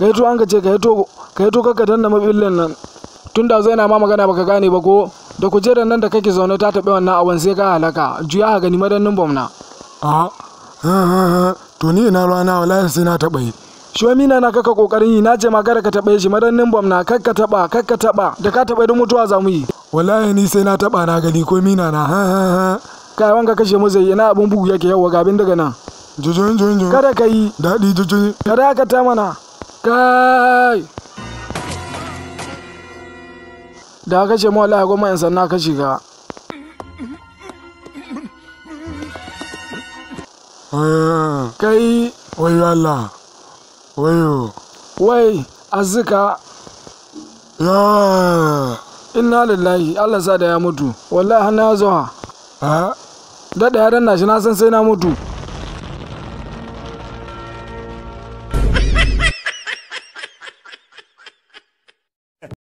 ka yi an ka ce ka yi ka ka danna mabillin nan tun da zai na ma magana baka gane ba ko da kujerar nan da kake zaune ta taɓa wannan abin sai ka halaka juya ka gani madannin bomna a to ni ina ruwa na wallahi sai na taɓa yi shomi na na kaka kokarin yi na ce magana ka taɓa shi madannin bomna kakka taɓa kakka taɓa da ka taɓa don mutuwa za mu yi wallahi ni sai na taɓa na gani ko mina na ha ha ha kai wanka kashe mu zai ina abun bugu yake yawa gabin daga nan jujun jujun kada ka yi daɗi jujun kada ka ta mana Kai! Da ka ce mawala ya goma yan sanna ka shiga. Kai! yalla, wai Wayo! Wai, azzika! Ya! Inna lillahi, Allah sa da ya mutu, wallahi hannu ya zuwa. Dada ya danna shi na san sai na mutu.